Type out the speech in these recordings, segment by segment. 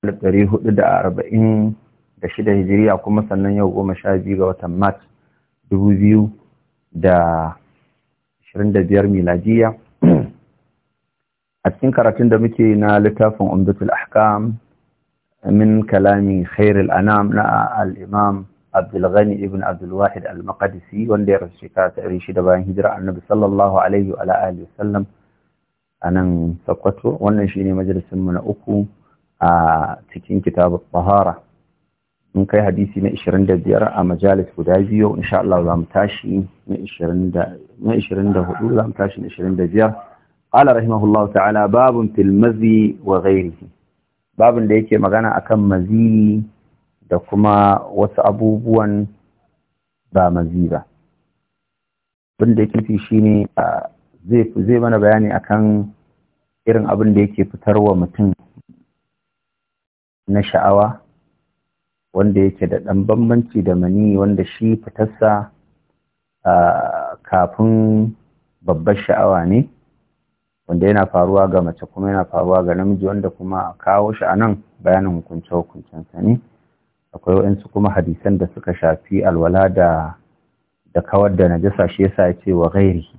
shida hijiriya kuma sannan yau goma sha biyu ga watan mat dubu biyu da ashirin da biyar miladiya a cikin karatun da muke na littafin umdatul ahkam min kalami khairul anam na al-imam abdulghani ibn abdulwahid al-maqdisi wanda ya rasu shekara ta ɗari shida bayan hijira annabi sallallahu alaihi wa alihi wasallam a nan Sakkwato wannan shine majalisinmu na uku a cikin kitab Bahara. in kai hadisi na 25 a majalis guda biyu insha Allah za mu tashi na 24 za mu tashi na 25 qala rahimahullahu ta'ala babun fil mazi wa ghairihi babun da yake magana akan mazi da kuma wasu abubuwan ba mazi ba abin da yake shine zai zai mana bayani akan irin abin da yake fitarwa mutum na sha'awa wanda yake da ɗan bambanci da mani wanda shi fitarsa kafin babbar sha'awa ne wanda yana faruwa ga mace kuma yana faruwa ga namiji wanda kuma kawo shi a nan bayanin hukunce hukuncensa ne akwai waɗansu kuma hadisan da suka shafi alwala da da kawar da najasa shi yasa ya ce wa ghairihi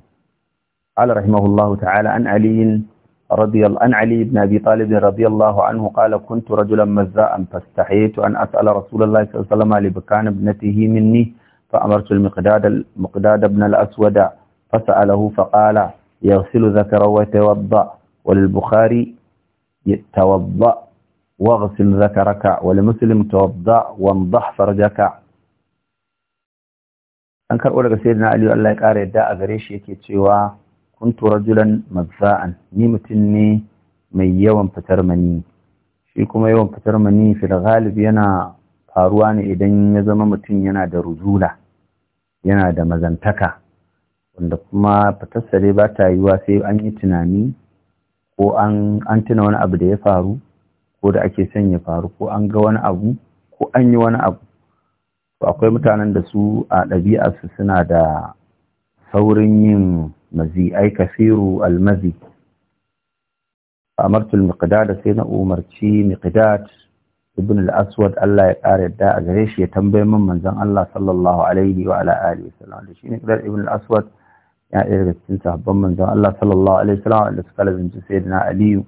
Allah rahimahullahu ta'ala an aliyin رضي الله عن علي بن أبي طالب رضي الله عنه قال كنت رجلا مزاء فاستحييت أن أسأل رسول الله صلى الله عليه وسلم لبكان ابنته مني فأمرت المقداد المقداد بن الأسود فسأله فقال يغسل ذكره ويتوضأ وللبخاري توضأ واغسل ذكرك ولمسلم توضأ وانضح فرجك انكر اولى سيدنا علي الله يقارئ دا ƙara يكي kuntu rajulan mabza'an ni mutum ne mai yawan fitar mani shi kuma yawan fitar mani fil ghalib yana faruwa ne idan ya zama mutum yana da rujula yana da mazantaka wanda kuma fitarsa ba ta yiwa sai an yi tunani ko an tuna wani abu da ya faru ko da ake son ya faru ko an ga wani abu ko an yi wani abu to akwai mutanen da su a ɗabi'arsu suna da saurin yin مزي أي كثير المزي فامرت المقداد سينا أمر شي مقداد ابن الأسود الله يقارد داء غريش يتنبي من منزان الله صلى الله عليه وعلى آله وسلم شي مقدار ابن الأسود يعني إذا إيه كنت من منزان الله صلى الله عليه وسلم اللي سقال بنت سيدنا علي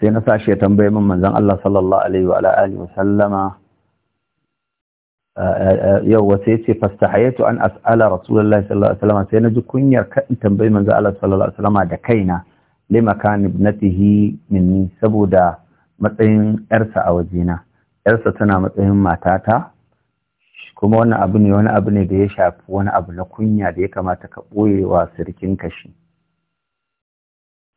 سينا ساشي يتنبي من منزان الله صلى الله عليه وعلى آله وسلم Yau yawwa ya ce fastahayatu an as'ala rasulullahi sallallahu alaihi wasallam sai naji kunyar kan tambayi manzo Allah sallallahu alaihi wasallam da kaina li makan ibnatihi minni saboda matsayin yarsa a wajena yarsa tana matsayin matata kuma wani abu ne wani abu ne da ya shafi wani abu na kunya da ya kamata ka ɓoye wa sirkin kashi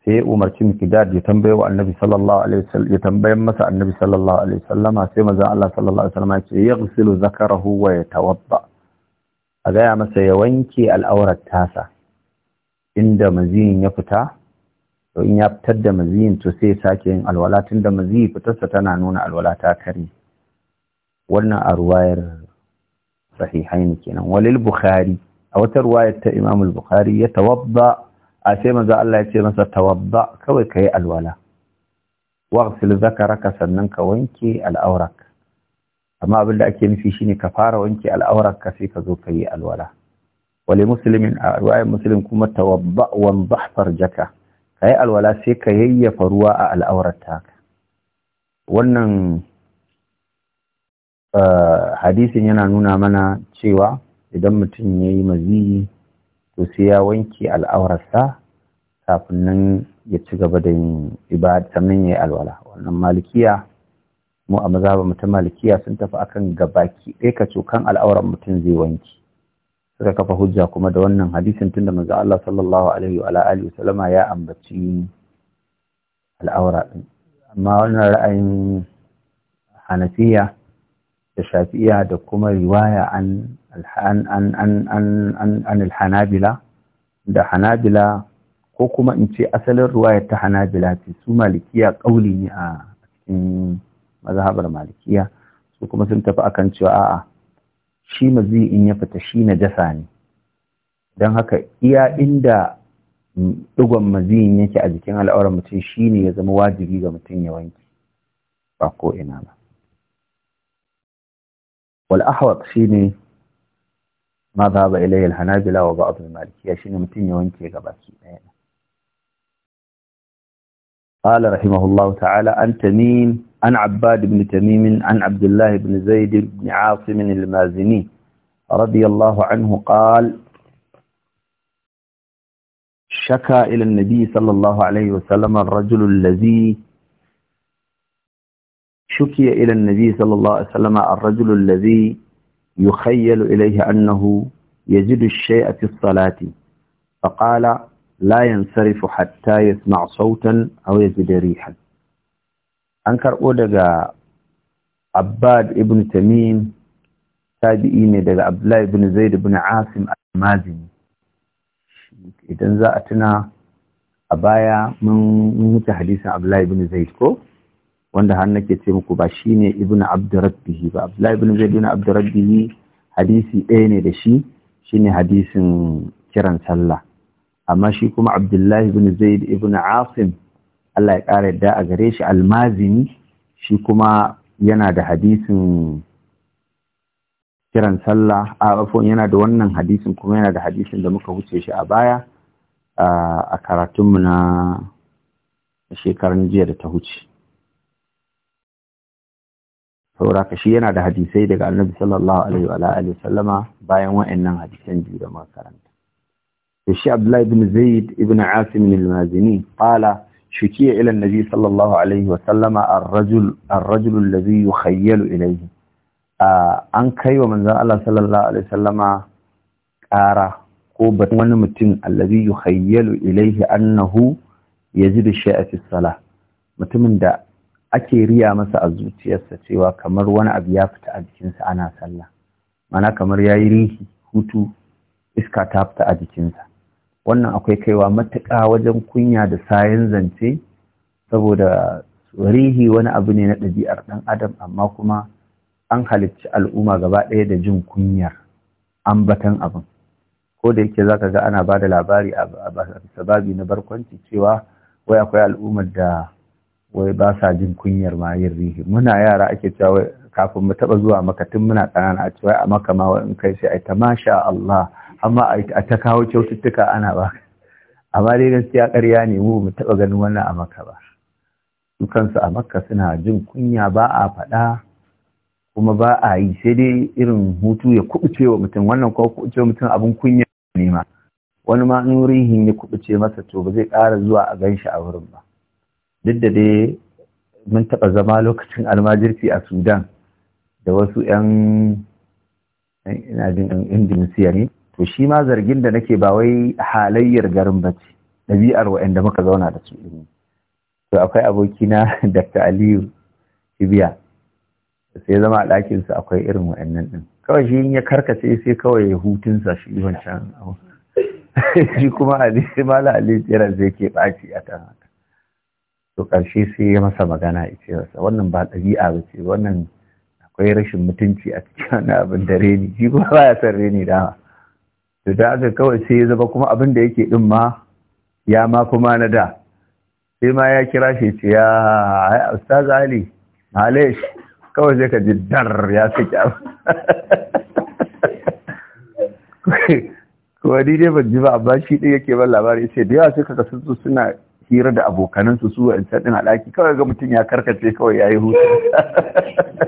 sai ya umarci mikdad ya tambaye wa annabi sallallahu alaihi wasallam ya tambaye masa annabi sallallahu alaihi wasallama sai manzon Allah sallallahu alaihi wasallama ce yaghsilu zakarahu wa yatawadda a ya masa ya wanke al'aurar tasa inda maziyin ya fita to in ya fitar da maziyin to sai sake yin alwala tunda maziyi fitarsa tana nuna alwala ta kare wannan a ruwayar sahihaini kenan walil bukhari a wata ruwayar ta imam bukhari ya tawabba. a sai manzo Allah ya ce masa tawadda kawai ka yi alwala waghsil zakaraka sannan ka wanke al'aurak amma abin da ake nufi shine ka fara wanke al'aurak ka sai ka zo ka yi alwala wali muslimin a muslim kuma tawadda wanzah dhahfar ka yi alwala sai ka yayyafa ruwa a al'aurata. taka wannan eh, hadisin yana nuna mana cewa idan mutum yayi maziyi to sai ya wanke al'aurarsa kafin nan ya ci gaba da yin ibada sannan ya yi alwala wannan malikiya mu a mazaba mutum malikiya sun tafi akan gabaki ɗaya ka kan al'aurar mutum zai wanke suka kafa hujja kuma da wannan hadisin tunda manzo Allah sallallahu alaihi wa alihi salama" ya ambaci al'aura din amma wannan ra'ayin hanafiya da shafi'iya da kuma riwaya an alhanabila da hanabila ko kuma in ce asalin ruwayar ta hanabila ce su malikiya ƙauli ne a cikin mazhabar malikiya su kuma sun tafi akan cewa a'a shi mazi in ya fita shi na jasa ne don haka iya inda digon maziyin yake a jikin al'awar mutum shi ne ya zama wajibi ga mutum ya wanke ba ko ina ba والأحوط شيني ما ذهب إليه الحنابلة وبعض المالكية شيني متين يوانكي قباكي قال رحمه الله تعالى عن تميم عن عباد بن تميم عن عبد الله بن زيد بن عاصم المازني رضي الله عنه قال شكا إلى النبي صلى الله عليه وسلم الرجل الذي شكي إلى النبي صلى الله عليه وسلم الرجل الذي يخيل إليه أنه يجد الشيء في الصلاة فقال لا ينصرف حتى يسمع صوتا أو يجد ريحا أنكر أودغا عباد ابن تميم تابعين دغا عبد الله بن زيد بن عاصم al إذن idan أبايا من متحديث عبد الله بن زيد كو wanda har nake ce muku ba shi ne ibn abdurrabbihi ba abdullahi ibn zaid ibn abdurrabbihi hadisi ɗaya ne da shi shine hadisin kiran sallah amma shi kuma abdullahi ibn zaid ibn asim Allah ya ƙara yadda a gare shi almazini shi kuma yana da hadisin kiran sallah a yana da wannan hadisin kuma yana da hadisin da muka wuce shi a baya a karatunmu na shekarun jiya da ta huce saboda ka shi yana da hadisai daga annabi sallallahu alaihi wa alihi sallama bayan wa'annan hadisan biyu da makaranta to shi abdullahi ibn zaid ibn asim al-mazini qala shukiya ila annabi sallallahu alaihi wa sallama ar-rajul ar-rajul alladhi yukhayyalu ilayhi an kai wa manzon Allah sallallahu alaihi wa sallama qara ko wani mutum alladhi yukhayyalu ilayhi annahu yajidu shay'a fi salah mutumin da ake riya masa a zuciyarsa cewa kamar wani abu ya fita a jikinsa ana sallah mana kamar ya yi rihi hutu iska ta fita a jikinsa wannan akwai kaiwa matuƙa wajen kunya da sayan zance saboda rihi wani abu ne na ɗabi'ar ɗan adam amma kuma an halicci al'umma gaba ɗaya da jin kunyar ambatan abin ko da yake zaka ga ana ba da labari a sababi na barkwanci cewa wai akwai al'ummar da wai ba sa jin kunyar ma yin rihi muna yara ake cewa kafin mu taba zuwa maka tun muna ƙanana a cewa a maka ma in kai sai ai tamasha Allah amma a ta kawo kyaututtuka ana ba amma dai gaskiya ƙarya ne mu mu taba ganin wannan a maka ba Dukansu a makka suna jin kunya ba a faɗa kuma ba a yi sai dai irin hutu ya kubuce wa mutum wannan kuma kubuce mutum abin kunya ne ma wani ma ya kubuce masa to ba zai ƙara zuwa a gan shi a wurin ba duk da dai mun taɓa zama lokacin almajirci a sudan da wasu 'yan ina jin ne to shi ma zargin da nake ba wai halayyar garin ba ce ɗabi'ar da muka zauna da su ne to akwai abokina dr aliyu ibiya sai zama a ɗakinsa akwai irin wa'annan ɗin kawai shi ya karkace sai kawai ya hutunsa shi wancan shi kuma ali mala ali tseren zai ke ɓaci a ta haka to ƙarshe sai ya masa magana ya ce masa wannan ba ɗabi'a ba ce wannan akwai rashin mutunci a cikin wani abin da reni shi kuma ba ya son reni dama to da aka kawai sai ya zama kuma abin da yake ɗin ma ya ma kuma na da sai ma ya kira shi ce ya ustaz ali malesh kawai sai ka ji dar ya saki abu kuma ni dai ban ji ba amma shi ɗin yake ban labari sai da yawa suka kasu suna hira da abokanansu su wancan ɗin a ɗaki kawai ga mutum ya karkace kawai ya yi hutu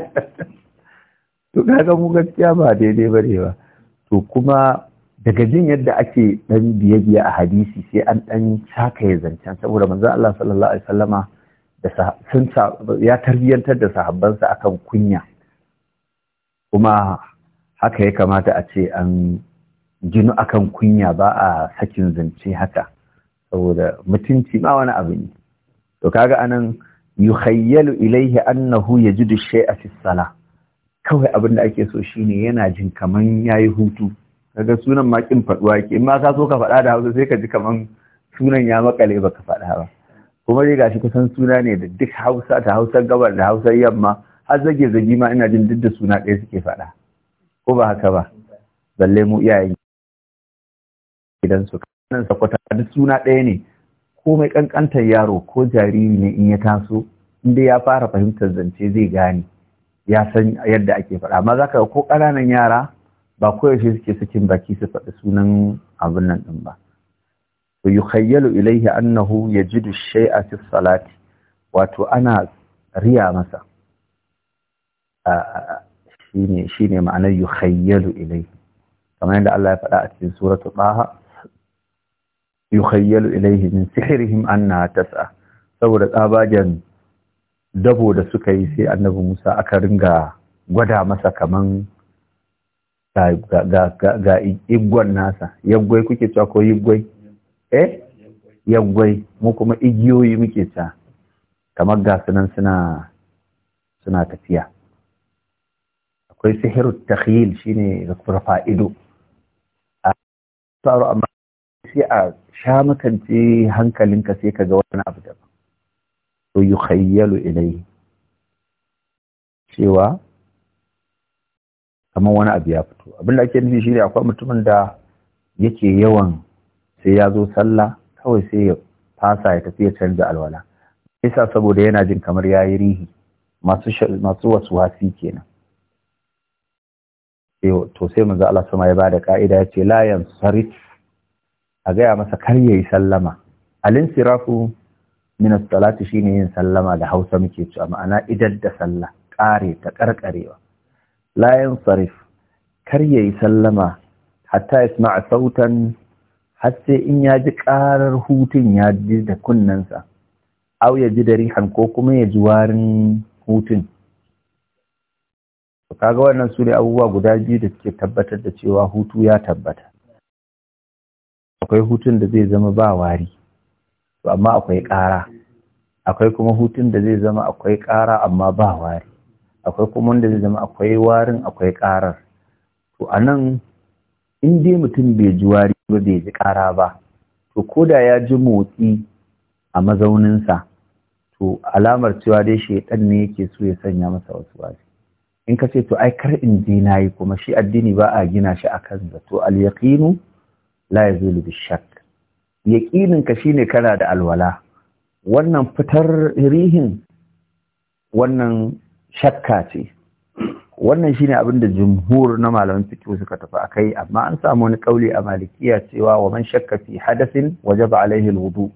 to ga mu gaskiya ba daidai ba ne ba to kuma daga jin yadda ake ɗan biye a hadisi sai an ɗan ya zancen saboda manzon Allah sallallahu alaihi wasallama da sun ya tarbiyantar da sahabbansa akan kunya kuma haka ya kamata a ce an jinu akan kunya ba a sakin zance haka saboda mutunci ma wani abu ne to kaga anan yukhayyalu ilaihi annahu yajidu shay'a fi sala kawai abin da ake so shine yana jin kaman yayi hutu kaga sunan ma kin faduwa yake in ma ka so ka faɗa da Hausa sai ka ji kaman sunan ya makale baka fada ba kuma dai gashi kusan suna ne da duk Hausa ta Hausa gabar da Hausa yamma har zage zagi ma ina jin duk da suna ɗaya suke faɗa ko ba haka ba balle mu iyayen gidansu nan sakwata duk suna ɗaya ne ko mai ƙanƙantar yaro ko jariri ne in ya taso inda ya fara fahimtar zance zai gane ya san yadda ake faɗa amma za ka ko ƙananan yara ba koyaushe suke sakin baki su faɗi sunan abin nan ɗin ba to yukhayyalu ilaihi annahu yajidu shay'a fi salati wato ana riya masa shine shine ma'anar yukhayyalu ilayhi kamar yadda Allah ya faɗa a cikin suratul baha yukhayyalu ilayhi min sihrihim annaha tas'a saboda tsabagen dabo da suka yi sai annabi Musa aka ringa gwada masa kaman ga igwan nasa yaggwai kuke cewa ko yaggwai eh yaggwai mu kuma igiyoyi muke ta kamar ga sunan suna suna tafiya akwai sihiru takhyil shine da rufa ido a tsaro amma sai a sha makance hankalinka sai ka ga wani abu daban to yi khayyalu ilai cewa kamar wani abu ya fito abinda ake nufi shi ne akwai mutumin da yake yawan sai ya zo sallah kawai sai ya fasa ya tafi ya canza alwala isa saboda yana jin kamar ya yi rihi masu wasu wasi kenan to sai manzo Allah sama ya ba da ka'ida ya ce layan yansarif a gaya masa kar ya yi sallama alin sirafu min salati shine yin sallama da Hausa muke cewa ma'ana idar da sallah Ƙare ta ƙarƙarewa. la sarif kar ya yi sallama hatta a sautan har sai in ya ji ƙarar hutun ya ji da kunnensa au ya ji da han ko kuma ya ji warin hutun kaga wannan su abubuwa guda biyu da suke tabbatar da cewa hutu ya tabbata akwai hutun da zai zama ba wari amma akwai ƙara akwai kuma hutun da zai zama akwai ƙara amma ba wari akwai kuma wanda zai zama akwai warin akwai ƙarar to a nan in dai mutum bai ji wari ba bai ji ƙara ba to ko da ya ji motsi a mazauninsa to alamar cewa dai shaidan ne yake so ya sanya masa wasu wari in ka ce to ai kar in je na yi kuma shi addini ba a gina shi akan zato al yaqinu la yazulu bishak yaqinin ka shine kana da alwala wannan fitar rihin wannan shakka ce wannan shine abin da jumhur na malaman fiqh suka tafi akai amma an samu wani ƙaule a malikiya cewa wa man shakka fi hadathin wajaba alaihi alwudu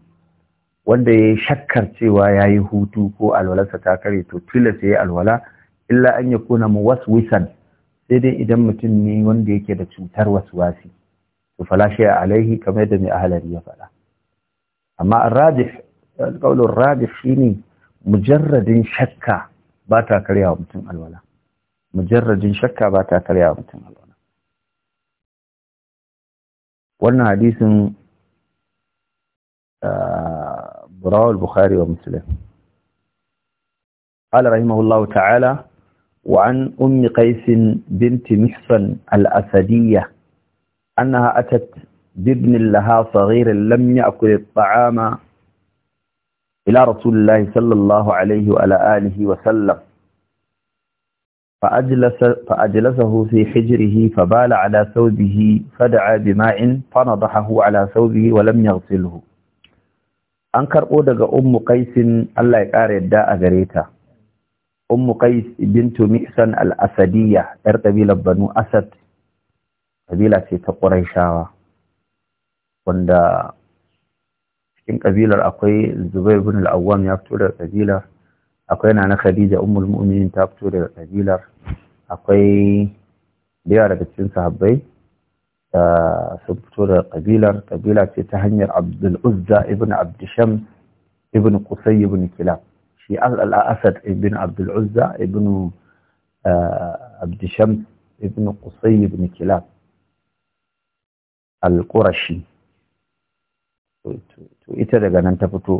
wanda yi shakkar cewa yayi hutu ko alwalarsa ta kare to ya yayi alwala illa an mu waswisan sai dai idan mutum ne wanda yake da cutar waswasi فلا شيء عليه كما يدني أهل اليفلا أما الرادف القول الرادف فيني مجرد شكا باتا كريا ومتن الولا مجرد شكا باتا كريا ومتن الولا وانا حديث آه، براء البخاري ومسلم قال رحمه الله تعالى وعن أم قيس بنت محصن الأسدية أنها أتت بابن لها صغير لم يأكل الطعام إلى رسول الله صلى الله عليه وعلى آله وسلم فأجلس فأجلسه في حجره فبال على ثوبه فدعا بماء فنضحه على ثوبه ولم يغسله أنكر أودغ أم قيس الله يقار الداء ƙara أم قيس بنت ta الأسدية ارتبي لبنو أسد kabila ce ta ƙuraishawa wanda cikin kabilar akwai Zubair bin al-Awwam ya fito daga kabilar akwai Nana Khadija ummul mu'minin ta fito daga kabilar akwai da daga cikin sahabbai sun fito daga kabilar kabila ce ta hanyar Abdul Uzza ibn Abd Shams ibn Qusay ibn Kilab shi al-Asad ibn Abdul Uzza ibn Abd Shams ibn Qusay ibn Kilab al-qurashi to ita daga nan ta fito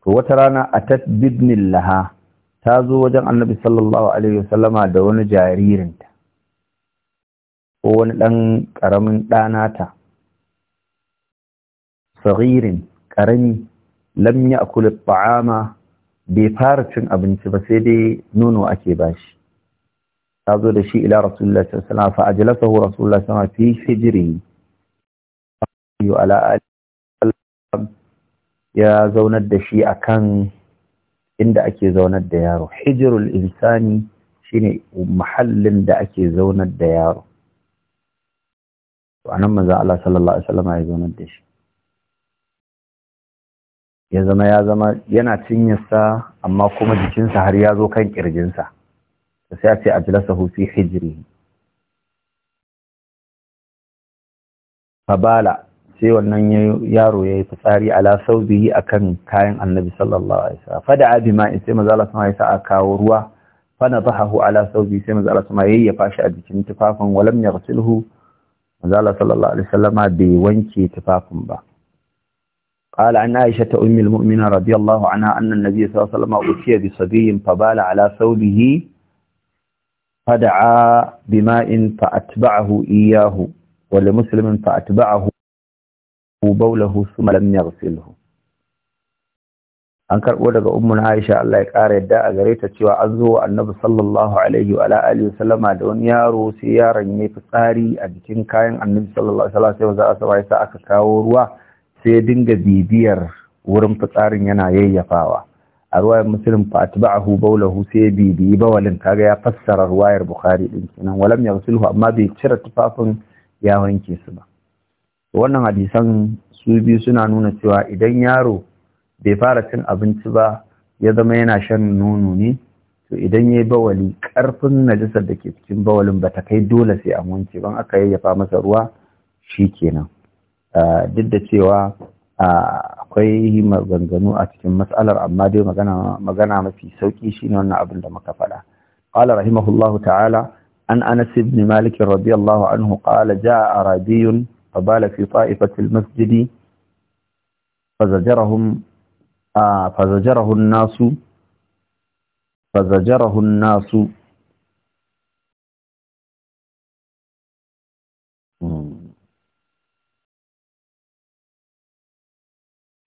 to wata rana atat bibnillaha ta zo wajen annabi sallallahu alaihi wasallama da wani jaririnta ko wani ɗan ƙaramin ɗanata sagirin ƙarami lam ya akuli ta'ama bai fara cin abinci ba sai dai nono ake bashi ta zo da shi ila rasulullah sallallahu alaihi wasallam fa ajlasahu rasulullah sallallahu alaihi wasallam fi hijri ala ya zaunar da shi akan inda ake zaunar da yaro hijirul insani shine muhallin da ake zaunar da yaro to anan manzo Allah sallallahu alaihi wasallam ya zaunar da shi ya zama ya zama yana cinyarsa amma kuma jikinsa har ya zo kan kirjinsa sai a ce ajlasahu fi hijrihi fabala sai wannan yaro ya yi fitsari ala sau saubihi akan kayan annabi sallallahu alaihi wasallam fada abi ma sai maza Allah sama ya a kawo ruwa Fana fa nadahahu ala sau saubi sai maza Allah sama ya ya fashi a jikin tufafin walam yaghsilhu manzo Allah sallallahu alaihi wasallama bai wanke tufafin ba قال عن عائشة أم المؤمنين رضي الله عنها أن النبي صلى الله عليه وسلم أتي بصبي فبال على ثوبه فدعا بماء فأتبعه إياه ولمسلم فأتبعه baulahu thumma an karbo daga ummun Aisha Allah ya kara yadda a gare ta cewa an zo annabi sallallahu alaihi wa alihi sallama da wani yaro sai yaron ya fitsari a jikin kayan annabi sallallahu alaihi wa sallam sai sa aka kawo ruwa sai ya dinga bibiyar wurin fitsarin yana yayyafawa a ruwayar muslim fa atba'ahu bawlahu sai ya bibiyi bawalin kaga ya fassara ruwayar bukhari din kenan walam yaghsilhu amma bai cire tufafin ya wanke su ba wannan hadisan su biyu suna nuna cewa idan yaro bai fara cin abinci ba ya zama yana shan nono ne to idan ya yi bawali ƙarfin najisar da ke cikin bawalin ba ta kai dole sai an wanke ban aka yayyafa masa ruwa shi kenan duk da cewa akwai maganganu a cikin matsalar amma dai magana mafi sauƙi shine wannan abin da muka faɗa قال رحمه الله تعالى عن أنس بن مالك رضي الله عنه قال جاء أعرابي فبال في طائفة المسجد فزجرهم آه فزجره الناس فزجره الناس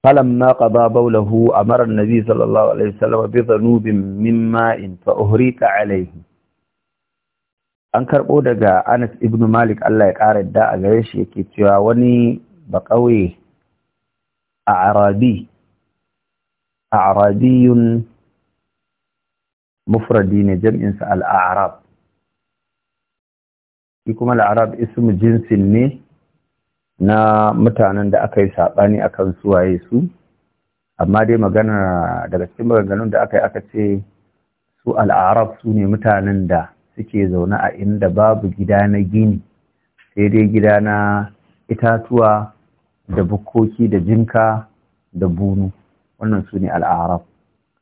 فلما قضى بوله أمر النبي صلى الله عليه وسلم بذنوب من ماء فأهريت عليه an karɓo daga anas ibn malik allah ya ƙara yadda a gare shi yake cewa wani baƙauye a arabi a arabiyun mufradi ne jam'insa al'arab shi kuma al'arab ismu jinsin ne na mutanen da aka yi saɓani a kan suwaye su amma dai magana daga cikin maganganun da aka yi aka ce su al'arab su ne mutanen da suke zaune a inda babu gida na gini sai dai gida na itatuwa da bukkoki da jinka da bunu wannan su ne al'arab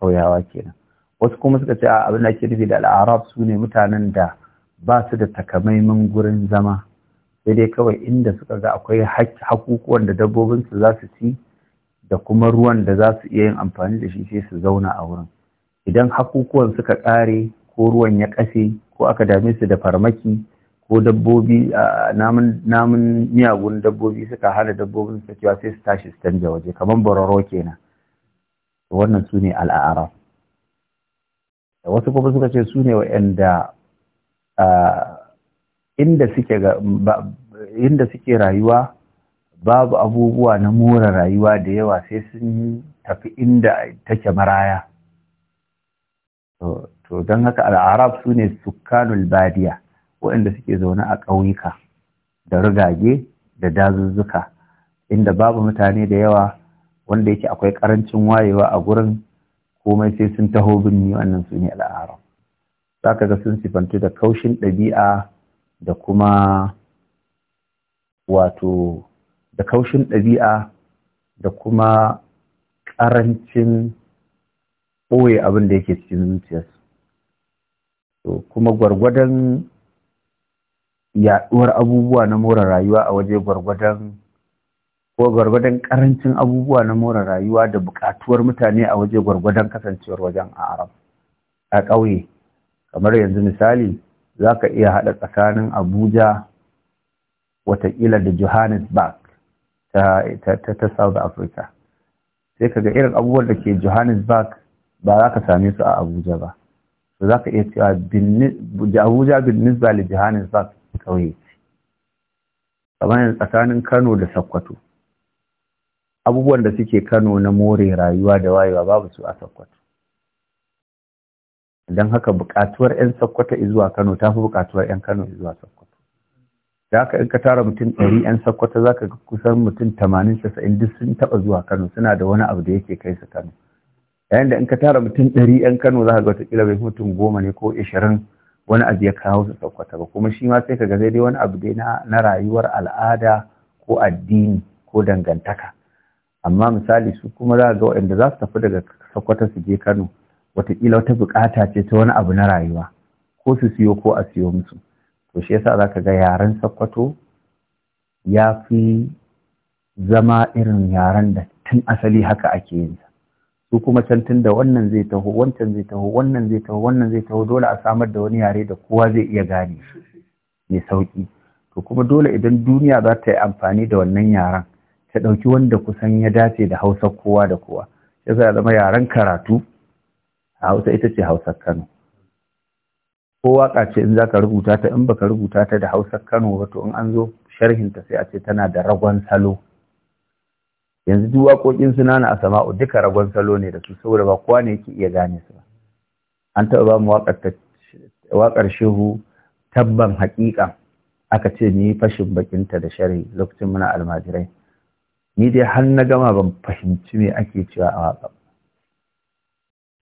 ƙauyawa kenan wasu kuma suka ce a abin da ake nufi da al'arab su ne mutanen da ba su da takamaiman gurin zama sai dai kawai inda suka ga akwai hakukuwan da dabbobinsu za su ci da kuma ruwan da za su iya yin amfani da shi sai su zauna a wurin idan hakukuwan suka ƙare ko ruwan ya kase ko aka dame su da farmaki ko dabbobi namun miyagun dabbobi suka hana dabbobin su cewa sai su tashi su canja waje kamar bororo kenan wannan su ne al'ara da wasu kuma suka ce su ne wa'anda inda suke inda suke rayuwa babu abubuwa na more rayuwa da yawa sai sun tafi inda take maraya to don haka al'arab su ne sukanul badiya waɗanda suke zaune a ƙauyuka da rigage da dazuzzuka inda babu mutane da yawa wanda yake akwai ƙarancin wayewa a gurin komai sai sun taho birni wannan su ne al'arab za ka ga sun sifantu da kaushin ɗabi'a da kuma wato da kaushin ɗabi'a da kuma ƙarancin ɓoye abin da yake cikin zuciyarsu to kuma gwargwadon yaɗuwar abubuwa na more rayuwa a waje gwargwadon ko gwargwadon ƙarancin abubuwa na more rayuwa da buƙatuwar mutane a waje gwargwadon kasancewar wajen a arab a ƙauye kamar yanzu misali za ka iya haɗa tsakanin abuja watakila da johannesburg ta, ta, ta, south africa sai ka ga irin abubuwan da ke johannesburg ba za ka same su a abuja ba to za ka iya cewa abuja bin nisba li jihanin sa ce. kamar tsakanin kano da sakkwato abubuwan da suke kano na more rayuwa da wayewa babu su a sakkwato don haka buƙatuwar 'yan sakkwato izuwa kano ta fi buƙatuwar 'yan kano izuwa sakkwato da haka in ka tara mutum ɗari 'yan sakkwato za ka kusan mutum tamanin casa'in duk sun taɓa zuwa kano suna da wani abu da yake kai su kano yayin da in ka tara mutum ɗari yan kano za ka ga watakila bai mutum goma ne ko ishirin wani abu ya kawo su sakwata ba kuma shi ma sai ka ga dai wani abu dai na rayuwar al'ada ko addini ko dangantaka amma misali su kuma za ka ga waɗanda za su tafi daga sakwata su je kano watakila wata buƙata ce ta wani abu na rayuwa ko su siyo ko a siyo musu to shi yasa ka ga yaren Sokoto ya fi zama irin yaren da tun asali haka ake yinsa? su kuma can tun da wannan zai taho wancan zai taho wannan zai taho wannan zai taho dole a samar da wani yare da kowa zai iya gane mai sauki to kuma dole idan duniya za ta yi amfani da wannan yaren ta ɗauki wanda kusan ya dace da hausa kowa da kowa ya zai zama yaren karatu a hausa ita ce hausar kano ko waka ce in za ka rubuta ta in baka rubuta ta da hausar kano ba to in an zo sharhinta sai a ce tana da ragon salo yanzu duk waƙoƙin suna na asama'u duka ragon salo ne da su saboda ba kowa ne yake iya gane su ba an taɓa ba mu waƙar shehu tabban haƙiƙa aka ce ni fashin bakinta da shari lokacin muna almajirai ni dai har na gama ban fahimci me ake cewa a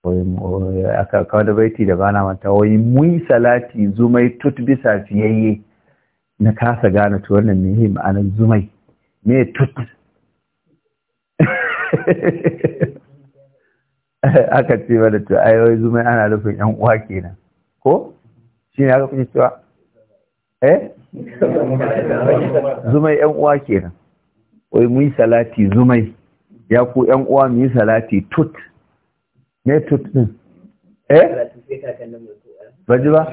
waƙa aka kawo da baiti da bana manta wai mun salati zumai tut bisa fiyayye na kasa gane to wannan me ma'anar zumai me tut aka ce mana to ayoyi zuma ana nufin yan uwa kenan ko shi ne aka kuke cewa eh zumai yan uwa kenan wai mu yi salati zumai ya ku yan uwa mu yi salati tut ne tut din eh ba ji ba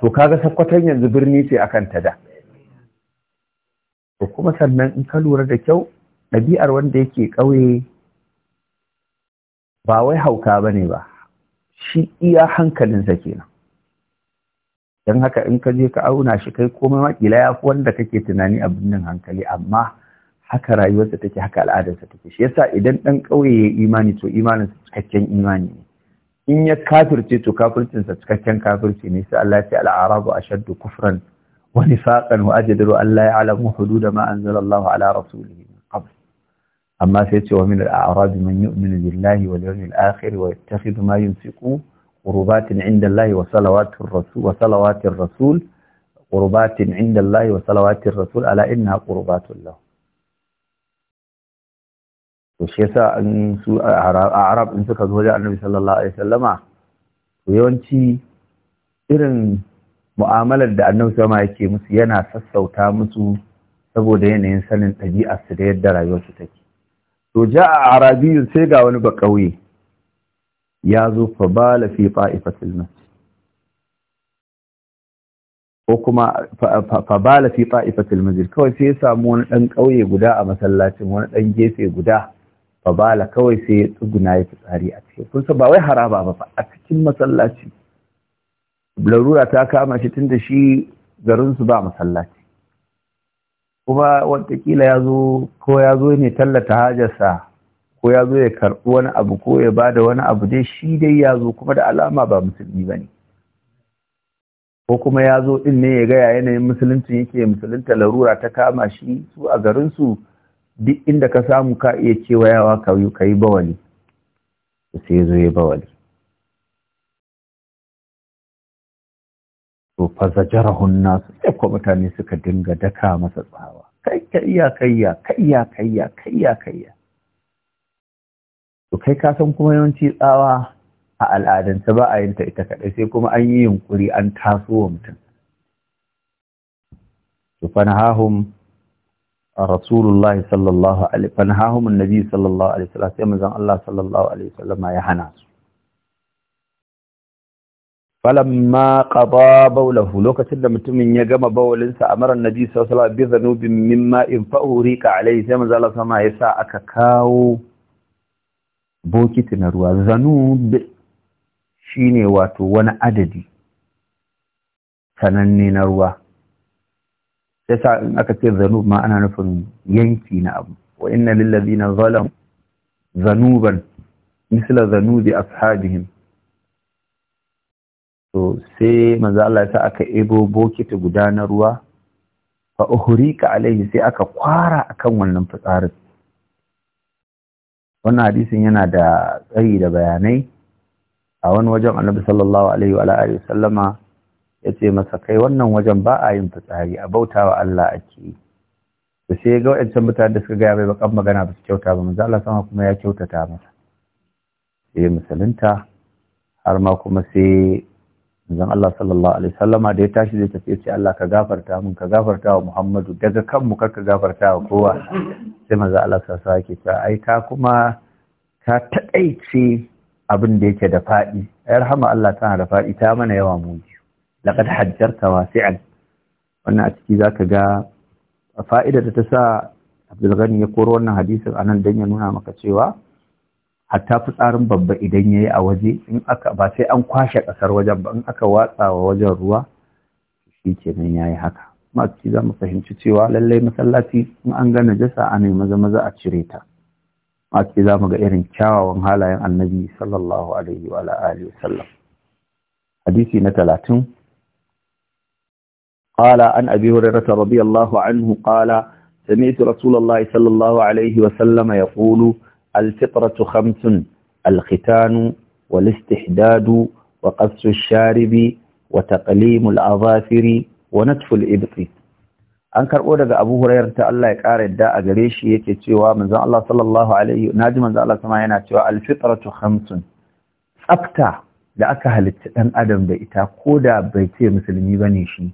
to kaga sakkwatan yanzu birni ce akan ta da to kuma sannan in ka lura da kyau ɗabi'ar wanda yake ƙauye ba wai hauka ba ne ba shi iya hankalinsa kenan don haka in ka je ka auna shi kai komai makila ya fi wanda kake tunani a birnin hankali amma haka rayuwarsa take haka al'adarsa take shi yasa idan ɗan ƙauye ya imani to imaninsa cikakken imani ne in ya kafirce to kafircinsa cikakken kafirci ne sai Allah ya ce al'arabu ashaddu kufran wani nifaqan wa ajdaru an la ya'lamu hududa ma anzalallahu ala rasulihi amma sai cewa min al-a'rab man yu'minu billahi wal yawmil akhir wa yattakhidhu ma yunfiqu qurbatin 'inda Allah wa salawatir rasul wa salawatir rasul qurbatin 'inda Allah wa salawatir rasul ala innaha qurbatul lahu to shi yasa in su suka zo da Annabi sallallahu irin mu'amalar da annabi sama yake musu yana sassauta musu saboda yanayin sanin su da yadda rayuwarsu take to ja a arabiyun sai ga wani ƙauye ya zo fa fi ta'ifatil masjid ko kuma fa fi ta'ifatil masjid kawai sai ya samu wani ɗan ƙauye guda a masallacin wani ɗan gefe guda fa la kawai sai ya tsuguna ya fitsari a cikin kunsa ba wai haraba ba a cikin masallaci larura ta kama shi tun da shi garinsu ba masallaci kuma watakila ya zo ko ya zo ne tallata hajarsa ko ya zo ya karɓi wani abu ko ya ba da wani abu dai shi dai ya zo kuma da alama ba musulmi ba ne ko kuma ya zo ɗin ne ya gaya yanayin musulunci yake musulunta larura ta kama shi su a garinsu duk inda ka samu ka iya cewa yawa ka yi bawali sai ya zo ya bawali to fa zajarahun nasu sai ko mutane suka dinga daka masa tsawa kai ka kayya kayya kayya kayya kayya kayya to kai ka san kuma yawanci tsawa a al'adance ba a yin ta ita kadai, sai kuma an yi yunkuri an taso wa mutum to fanahahum rasulullahi sallallahu alaihi wa sallam! fanahahum annabi sallallahu alaihi wa sallam! sai manzon Allah sallallahu alaihi wa wasallam ya hana su falamma qada bawlahu lokacin da mutumin ya gama bawalinsa amara annabi sallallahu alaihi wasallam bi zanubin mimma in fa'urika alaihi sai manzo Allah sama ya sa aka kawo bokiti na ruwa zanub shine wato wani adadi sananne na ruwa sai sa in aka ce zanub ma ana nufin yanki na abu wa inna lil ladina zanuban misla zanubi ashabihim to sai manzo Allah ya sa aka ebo bokiti guda na ruwa fa uhrika alaihi sai aka kwara akan wannan fitsarin wannan hadisin yana da tsayi da bayanai a wani wajen annabi sallallahu alaihi wa alihi sallama yace masa kai wannan wajen ba a yin fitsari a bautawa Allah ake yi to sai ga waɗancan mutanen da suka gaya bai bakan magana ba su kyauta ba manzo Allah sama kuma ya kyautata masa sai musulunta har ma kuma sai manzon Allah sallallahu alaihi da ya tashi zai tafi ce Allah ka gafarta mun ka gafarta wa Muhammadu daga kanmu kar ka gafarta wa kowa sai manzon Allah sallallahu alaihi yake ai ka kuma ka taƙaice abin da yake da faɗi ai rahama Allah tana da faɗi ta mana yawa mu laqad hajjarta wasi'an wannan a ciki zaka ga fa'ida da ta sa Abdul Ghani ya koro wannan hadisin anan dan ya nuna maka cewa hatta fitsarin babba idan ya yi a waje in aka ba sai an kwashe ƙasar wajen ba in aka watsa wa wajen ruwa shi ke nan ya yi haka masu za mu fahimci cewa lallai masallaci in an ga najasa a ne maza maza a cire ta masu za mu ga irin kyawawan halayen annabi sallallahu alaihi wa alihi sallam hadisi na talatin قال عن أبي هريرة رضي الله عنه قال سمعت رسول الله صلى الله عليه وسلم يقول الفطرة خمس الختان والاستحداد وقص الشارب وتقليم الأظافر ونتف الإبط أنكر أولا أبو هريرة الله يقار الداء قريش يتشوى من زال الله صلى الله عليه ناجم من زال الله سمعنا تشوى الفطرة خمس أبتع لأك هل تتن أدم بيتا قودا بيتي مثل ميبانيشي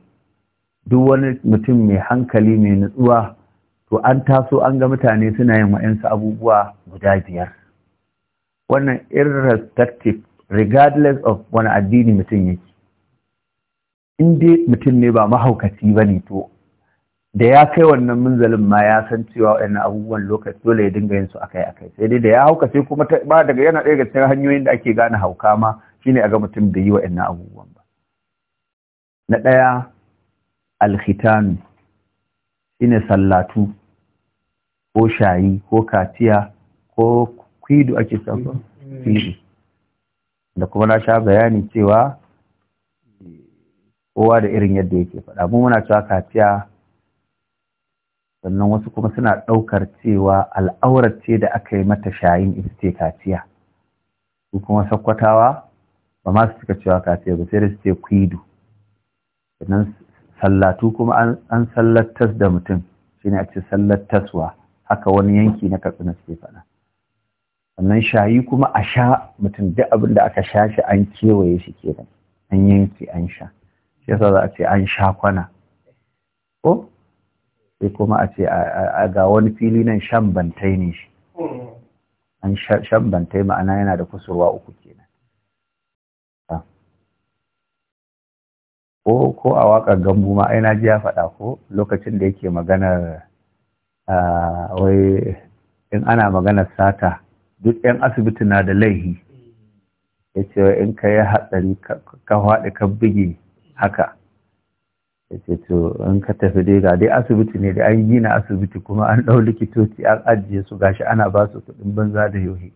دوان متمي حنكلي من نتوه to an taso an ga mutane suna yin wa'yansu abubuwa guda biyar wannan irrespective regardless of wani addini mutum yake in dai mutum ne ba mahaukaci ba ne to da ya kai wannan munzalin ma ya san cewa wa'yannan abubuwan lokaci dole ya dinga yin su akai akai sai dai da ya haukace kuma ba daga yana ɗaya cikin hanyoyin da ake gane hauka ma shine a ga mutum bai yi wa'yannan abubuwan ba na ɗaya alkhitanu shine sallatu ko shayi ko katiya ko kwidu ake safa mm. kwidu da kuma na sha bayani cewa kowa da irin yadda yake faɗa mu muna cewa katiya sannan wasu kuma suna ɗaukar cewa al'aurar ce da aka yi mata shayin ita ce katiya su kuma sakkwatawa ba ma su suka cewa katiya ba sai da su ce kwidu sannan sallatu kuma an sallatas da mutum shine a ce sallataswa haka wani yanki na katsina suke faɗa sannan shayi kuma a sha mutum duk abin da aka sha shi an kewaye shi kenan an yanki an sha shi yasa za a ce an sha kwana ko sai kuma a ce ga wani fili nan shan bantai ne shi an shan bantai ma'ana yana da kusurwa uku kenan ah. ko ko a waƙar gambu ma ai na ji ya faɗa ko lokacin da yake maganar Ah, wai in ana maganar sata duk 'yan asibiti na da laihi ya ce in ka yi hatsari ka haɗe ka bugi haka ya ce to in ka tafi dai ga dai asibiti ne da an gina asibiti kuma an ɗau likitoci an ajiye su gashi ana ba su kuɗin banza da yohi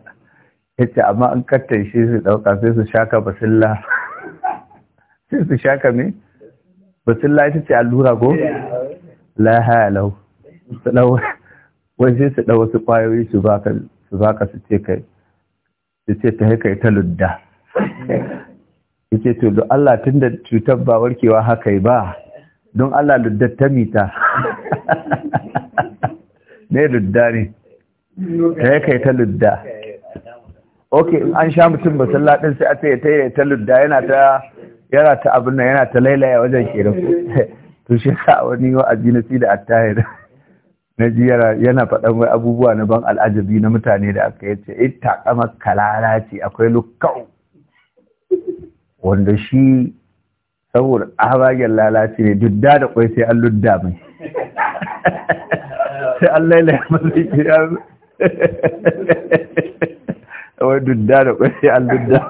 ya ce amma an kattan shi su ɗauka sai su shaka basilla sai su shaka me basilla ita ce allura ko eh. la lau. wajen su ɗau wasu ƙwayoyi su baka su ce kai su ce ta haikai ta ludda yake to don Allah tun da cutar ba warkewa haka ba don Allah ludda ta mita ne ludda ne ta haikai ta ludda ok an sha mutum basalla ɗin sai a ce ta yi ta ludda yana ta yana ta abin nan yana ta lailaya wajen kenan to tushe sa wani wa'azi na si da attahir na ji yana faɗan wai abubuwa na ban al'ajabi na mutane da aka yace ita kama kalala ce akwai lukau wanda shi saboda abagen lalaci ne dudda da kwai sai an ludda mai sai an lailaya masu kiyar wai dudda da kwai sai an ludda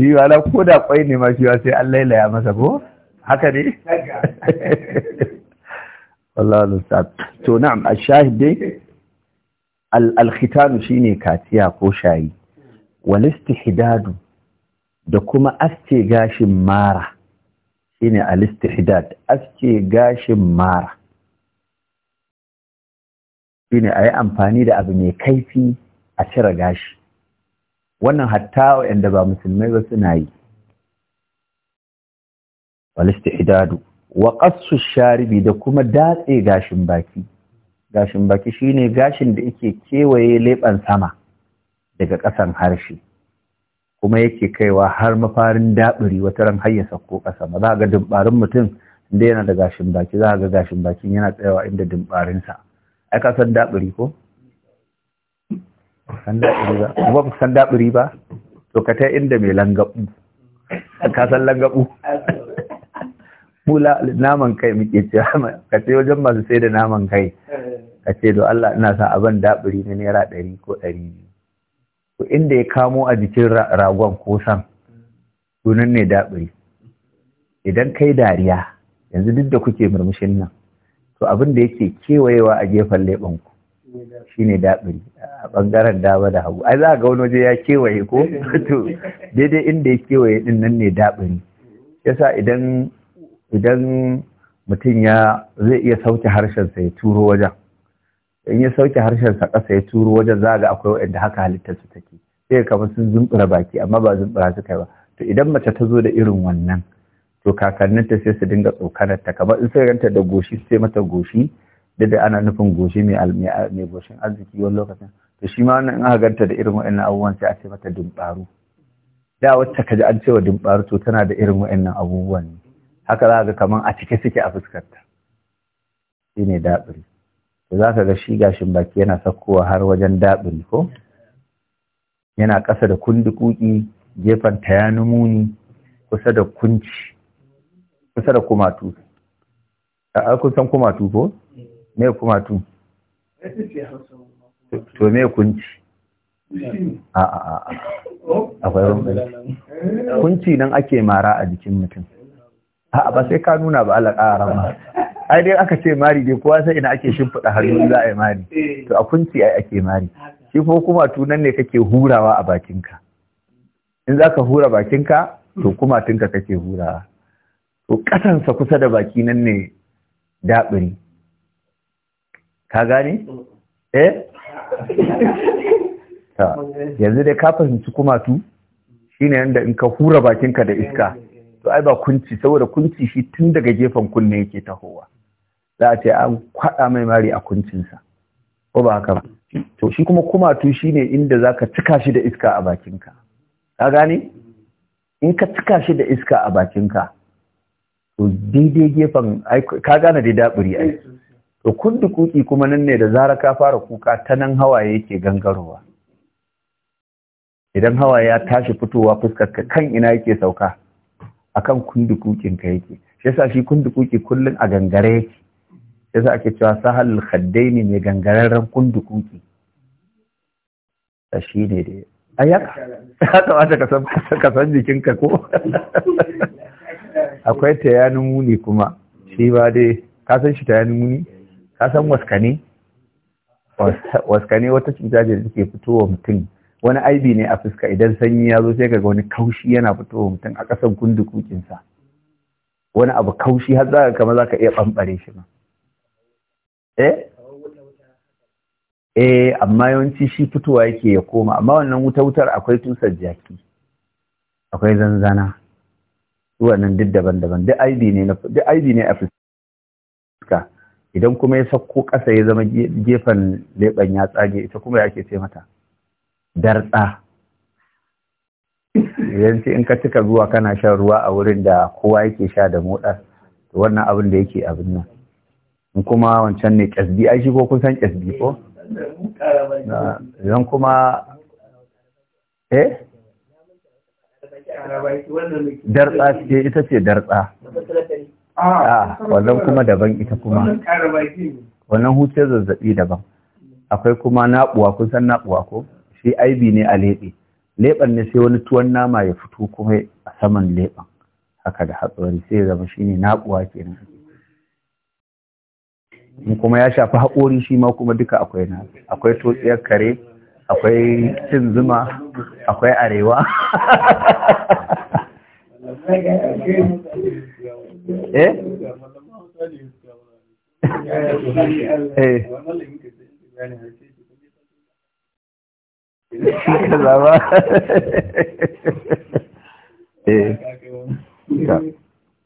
yi wala ko da kwai ne ma shi sai an laila ya masa ko haka ne sallallahu to na'am shine katiya ko shayi wal da kuma aske gashin mara shine al aske gashin mara shine ayi amfani da abu mai kaifi a cire gashi wannan hatta wa'anda ba musulmai ba suna yi wal wa qassu sharibi da kuma datse gashin baki gashin baki shine gashin da yake kewaye leban sama daga ƙasan harshe kuma yake kaiwa har mafarin daɓiri wata ran hayya ya sako ƙasa ba za ga dumbarin mutum inda yana da gashin baki za ga gashin bakin yana tsayawa inda sa ai ka san daɓiri ko san daɓiri ba kuma ba san daɓiri ba to ka ta inda mai langabu ka san langabu mula naman kai muke ce ka ce wajen masu sai da naman kai ka ce do Allah ina sa abin daɓiri na naira ɗari ko ɗari biyu to inda ya kamo a jikin ragon ko san sunan ne daɓiri idan kai dariya yanzu duk da kuke murmushin nan to abin da yake kewayewa a gefen leɓen shi ne daɓiri a ɓangaren dama da hagu ai za ga wani waje ya kewaye ko to daidai inda ya kewaye ɗin nan ne daɓiri yasa idan idan mutum ya zai iya sauke harshensa ya turo wajen in ya sauke harshensa ƙasa ya turo wajen za ga akwai waɗanda haka su take sai kamar sun zumbura baki amma ba zumbura su yi ba to idan mace ta zo da irin wannan to kakanninta sai su dinga tsokanar ta kamar in sai ranta da goshi sai mata goshi da da ana nufin goshi mai goshin arziki wani lokacin to shi ma wannan in aka ganta da irin waɗannan abubuwan sai a ce mata dumbaru da wacce ka ji an cewa dumbaru to tana da irin waɗannan abubuwan ne haka za ga kaman a cike suke a fuskarta shi ne daɓiri to za ka ga shi gashin baki yana sakkowa har wajen daɓiri ko yana ƙasa da kunduƙuƙi gefen ta ya numuni kusa da kunci kusa da kumatu a kusan kumatu ko me kumatu to me kunci a a a akwai kunci nan ake mara a jikin mutum a'a ba sai ka nuna ba Allah ƙara ma ai dai aka ce mari dai kowa sai ina ake shimfiɗa hannu za a yi mari to a kunci ai ake mari shi ko kuma tunan ne kake hurawa a bakinka in za ka hura bakinka to kuma tunka kake hurawa to ƙasansa kusa da baki nan ne daɓiri ka gane eh yanzu dai ka fahimci kumatu shine yanda in ka hura bakinka da iska to ai ba kunci saboda kunci shi tun daga gefen kunne yake tahowa za a ce an kwaɗa mai mari a kuncinsa ko ba haka ba to shi kuma kumatu shine inda zaka cika shi da iska a bakinka ka gane in ka cika shi da iska a bakinka to daidai gefen ka gane dai daburi ai to kundu kuki kuma nan ne da zara ka fara kuka ta nan hawaye yake gangarowa idan hawa ya tashi fitowa fuskar ka kan ina yake sauka akan kundukukin ka yake shi yasa shi kundukuki kullun a gangare yake shi yasa ake cewa sahal khaddaini mai gangararren kundukuki shi ne da ayyaka ya kamata ka san ka jikinka ko akwai tayanin muni kuma shi ba dai ka san shi tayanin muni ka san waskane waskane wata cuta ce da take fitowa mutum wani aibi ne a fuska idan sanyi ya zo sai ga wani kaushi yana fitowa mutum a ƙasan kundukukinsa wani abu kaushi har za ka kama za ka iya ɓamɓare shi ma eh eh amma yawanci shi fitowa yake ya koma amma wannan wuta wutar akwai tusar jaki akwai zanzana wannan duk daban-daban duk aibi ne duk aibi ne a fuska idan kuma ya sauko ƙasa ya zama gefen leɓen ya tsage ita kuma ya ake ce mata dartsa idan in ka cika zuwa kana shan ruwa a wurin da kowa yake sha da to wannan abin da yake abin nan in kuma wancan ne ƙasbi a shi ko kun san ƙasbi ko idan kuma eh dartsa ce ita ce dartsa ah, wannan kuma daban ita kuma wannan huce zazzaɓi daban akwai kuma naɓuwa kun san naɓuwa ko sai aibi ne a leɓe leɓen ne sai wani tuwon nama ya fito kuma a saman leɓen haka da hatsari sai ya zama shine naƙuwa kenan in kuma ya shafi haƙori shi ma kuma duka akwai na akwai totsiyar kare akwai cin zuma akwai arewa eh, eh. eh. zama eh.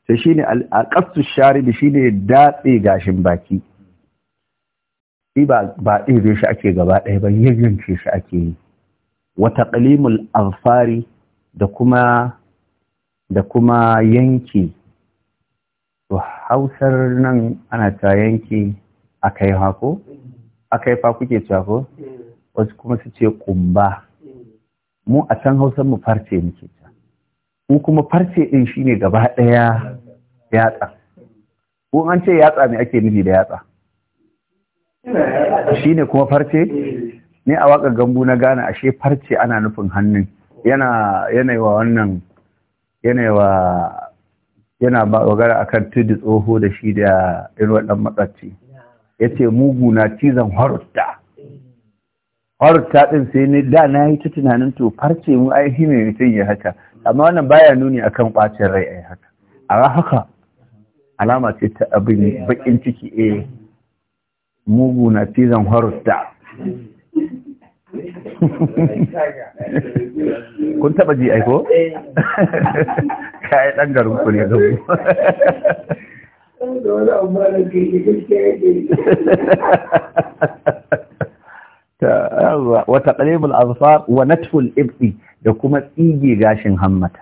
ta shi ne alƙastu sharibi shi ne datse gashin baki shi ba shi ake gaba ɗaya ba yayyanke shi ake yi wata ƙalimul alfari da kuma yanki to hausar nan ana ta yanki a kai hako a kai fa kuke cewa wasu kuma su ce kumba mu a can hausa mu farce muke ta mu kuma farce din shine gaba daya yatsa ko an ce yatsa ne ake nufi da yatsa shine kuma farce ne a waƙar gambu na gane ashe farce ana nufin hannun yana yanayi wa wannan yanayi yana ba wagara akan tudu tsoho da shi da irin waɗannan matsacci ya ce muguna cizon harutta ta ɗin sai ne da na yi ta tunanin to farce mu ai shi mai mutum ya haka amma wannan baya nuni a kan ɓacin rai ai haka a haka alama ce ta abin bakin ciki eh mugu na cizon harusta kun taba ji aiko? kayan ɗan garin ku ne gabu da wani amma da ke ke wa taqrimul azfar wa natful ibti da kuma tsige gashin hammata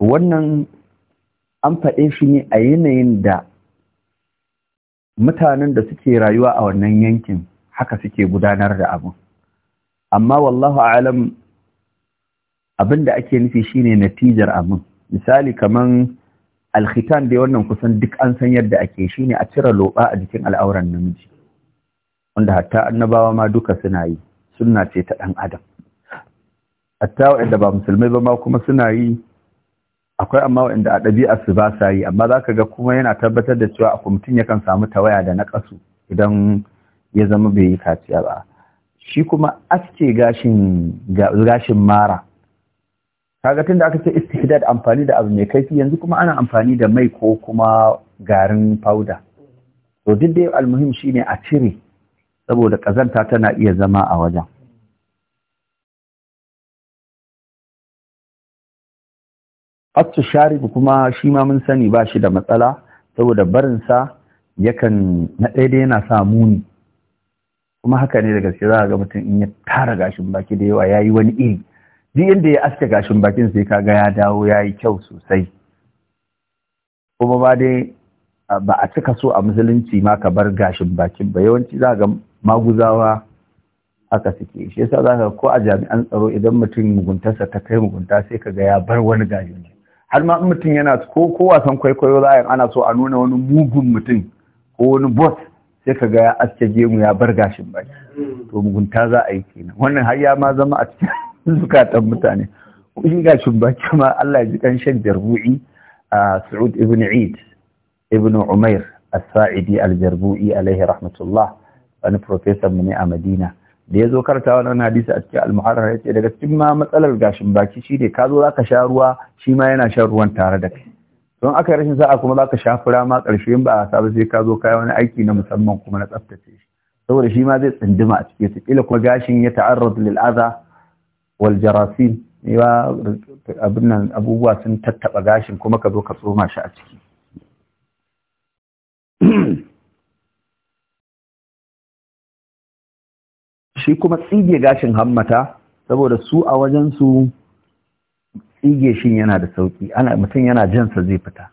wannan an faɗe shi ne a yanayin da mutanen da suke rayuwa a wannan yankin haka suke gudanar da abu amma wallahu alam abin da ake nufi shine natijar abin misali kamar alkhitan dai wannan kusan duk an san yadda ake shine a cire loba a jikin al'auran namiji wanda hatta annabawa ma duka suna yi sunna ce ta ɗan adam hatta waɗanda ba musulmai ba ma kuma suna yi akwai amma waɗanda a ɗabi'a su ba sa yi amma za ka ga kuma yana tabbatar da cewa akwai mutum yakan samu tawaya da naƙasu idan ya zama bai yi kaciya ba shi kuma aske gashin mara kaga tunda aka ce da amfani da abu mai kaifi yanzu kuma ana amfani da mai ko kuma garin powder to duk da almuhim shine a cire saboda ƙazanta tana iya zama a wajen Atsu sharib kuma shi ma mun sani ba shi da matsala saboda barinsa yakan na ɗaya yana sa muni kuma haka ne daga gaske za ga mutum in ya tara gashin baki da yawa ya yi wani iri duk inda ya aske gashin bakin sai kaga ya dawo ya yi kyau sosai kuma ba dai ba a cika so a musulunci ma ka bar gashin bakin ba yawanci za a ga maguzawa aka suke shi yasa ka ko a jami'an tsaro idan mutum muguntarsa ta kai mugunta sai ka ga ya bar wani ne har ma in mutum yana ko ko wasan kwaikwayo za ana so a nuna wani mugun mutum ko wani bot sai ka ga ya aske gemu ya bar gashin baki to mugunta za a yi kenan wannan har ya ma zama a cikin zukatan mutane in gashin baki ma Allah ya ji kan shan jarbu'i a Saud ibn Eid ibn Umair as-Sa'idi al-Jarbu'i alaihi rahmatullah wani professor mu ne a Madina da ya zo karta wannan hadisi a cikin al ya ce, daga cikin ma matsalar gashin baki shi ne ka zo sha ruwa shi ma yana shan ruwan tare da kai don aka rashin sa'a kuma zaka sha fura ma karshe ba a saba sai ka zo kai wani aiki na musamman kuma na tsaftace shi saboda shi ma zai tsinduma a cikin su kila kuma gashin ya ta'arrad lil Aza" wal jarasin abin nan abubuwa sun tattaba gashin kuma ka zo ka tsoma shi a ciki shi kuma tsige gashin hammata saboda su a wajensu tsige shi yana da sauki ana mutum yana jansa zai fita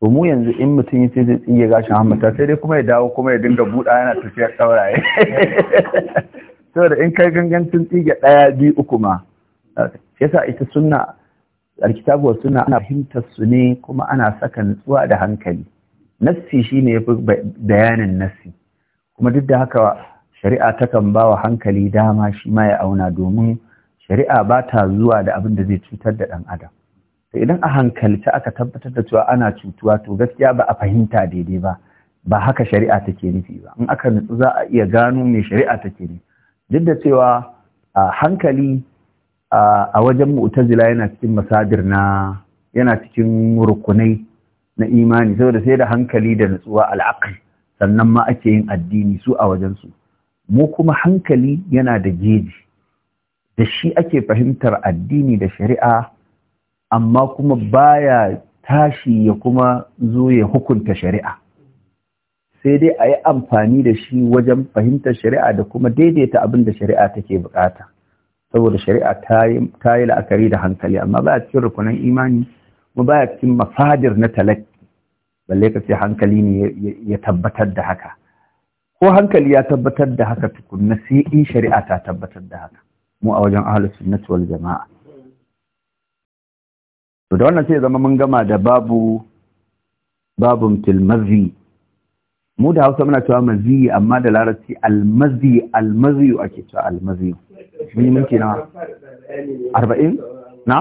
to mu yanzu in mutum ya ce zai tsige gashin hammata sai dai kuma ya dawo kuma ya dinga buɗa yana tafiyar ɗauraye saboda in kai gangancin tsige ɗaya biyu uku ma yasa ita sunna alkitabu suna ana fahimtar su ne kuma ana saka nutsuwa da hankali nassi shine yafi bayanin nassi kuma duk da haka shari'a takan ba wa hankali dama shi ma ya auna domin shari'a ba ta zuwa da abin da zai cutar da ɗan adam to idan a hankalci aka tabbatar da cewa ana cutuwa to gaskiya ba a fahimta daidai ba ba haka shari'a take nufi ba in aka nutsu za a iya gano me shari'a take nufi duk da cewa a hankali a wajen mu'tazila yana cikin masadir na yana cikin rukunai na imani saboda sai da hankali da nutsuwa al'aql sannan ma ake yin addini su a wajen su mu kuma hankali yana da geji da shi ake fahimtar addini da shari'a amma kuma baya tashi ya kuma zo ya hukunta shari'a sai dai a yi amfani da shi wajen fahimtar shari'a da kuma daidaita abin da shari'a take bukata saboda shari'a ta yi la'akari da hankali amma ba a cikin rukunan imani ba baya cikin mafadir na talaki balle ka ce hankali ne ya tabbatar da haka ko hankali ya tabbatar da haka tukunna sai in shari'a ta tabbatar da haka mu a wajen ahlus sunnati wal jama'a to da wannan sai zama mun gama da babu babu til mazi mu da Hausa muna cewa mazi amma da Larabci al mazi al mazi ake cewa al mazi mun minti na 40 na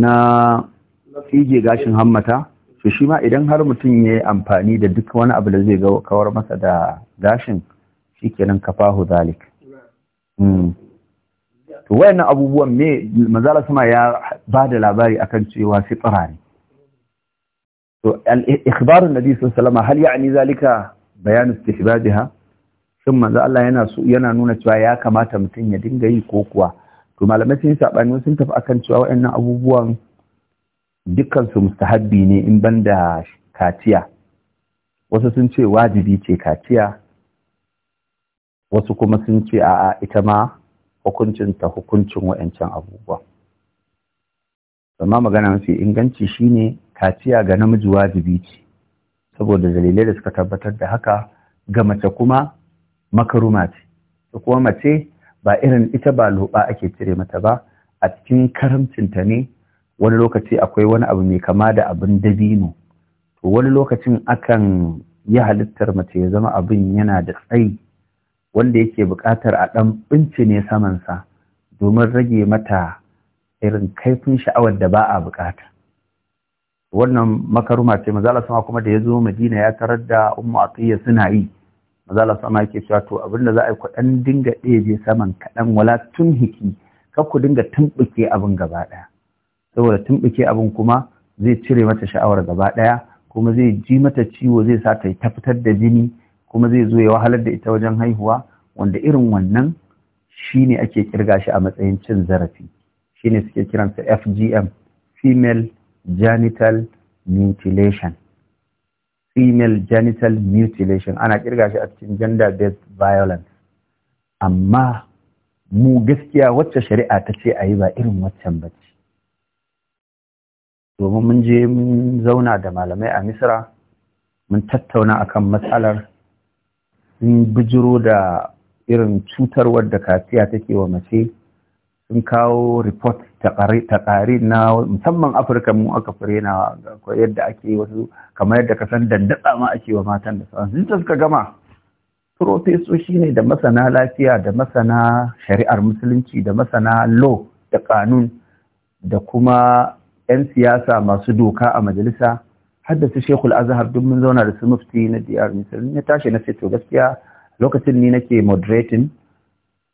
na je gashin hammata to shi ma idan har mutum ya yi amfani da duk wani abu da zai kawar masa da gashin shi kenan kafahu zalik hmm. to wayannan abubuwan me manzala sama ya ba da labari akan cewa fitra ne to al-ikhbar nabi sallallahu hal ya'ni zalika bayan istihbabiha shin manzo Allah yana nuna cewa ya kamata mutum ya dinga yi ko kuwa to malamai sun sabani sun tafi akan cewa wayannan abubuwan dukkansu mustahabbi ne in banda kaciya wasu sun ce wajibi ce kaciya wasu kuma sun ce a'a ita ma hukuncinta hukuncin wa'ancan abubuwa amma magana mafi inganci shine kaciya ga namiji wajibi ce saboda dalilai da suka tabbatar da haka ga mace kuma makaruma ce da kuma mace ba irin ita ba loba ake cire mata ba a cikin karamcinta ne wani lokaci akwai wani abu mai kama da abin dabino to wani lokacin akan yi halittar mace ya zama abin yana da tsayi wanda yake buƙatar a ɗan ne samansa domin rage mata irin kaifin sha'awar da ba a buƙata wannan makaruma ce maza sama kuma da ya zo madina ya tarar da umma atiyya suna yi maza sama yake cewa to abinda za a yi kuɗan dinga ɗebe saman kaɗan wala tun hiki kar ku dinga tumɓuke abin gaba ɗaya saboda tumbuke abin kuma zai cire mata sha'awar gaba ɗaya kuma zai ji mata ciwo zai sa ta ta fitar da jini kuma zai zo ya wahalar da ita wajen haihuwa wanda irin wannan shine ake kirga shi a matsayin cin zarafi shine suke kiransa FGM female genital mutilation female genital mutilation ana kirga shi a cikin gender based violence amma mu gaskiya wacce shari'a ta ce a yi ba irin waccan bacci. domin mun je mun zauna da malamai a Misira, mun tattauna akan matsalar sun bijiro da irin cutarwar da kaciya take wa mace sun kawo report takari na musamman afirka mu aka fure na yadda ake wasu kamar yadda ka san dandatsa ma ake wa matan da sauran sun suka gama profesoshi ne da masana lafiya da masana shari'ar musulunci da masana law da kanun da kuma 'yan siyasa masu doka a majalisa haddasa shekul azhar duk mun zauna da su mufti na dr misali ya tashi na ce to gaskiya lokacin ni nake moderating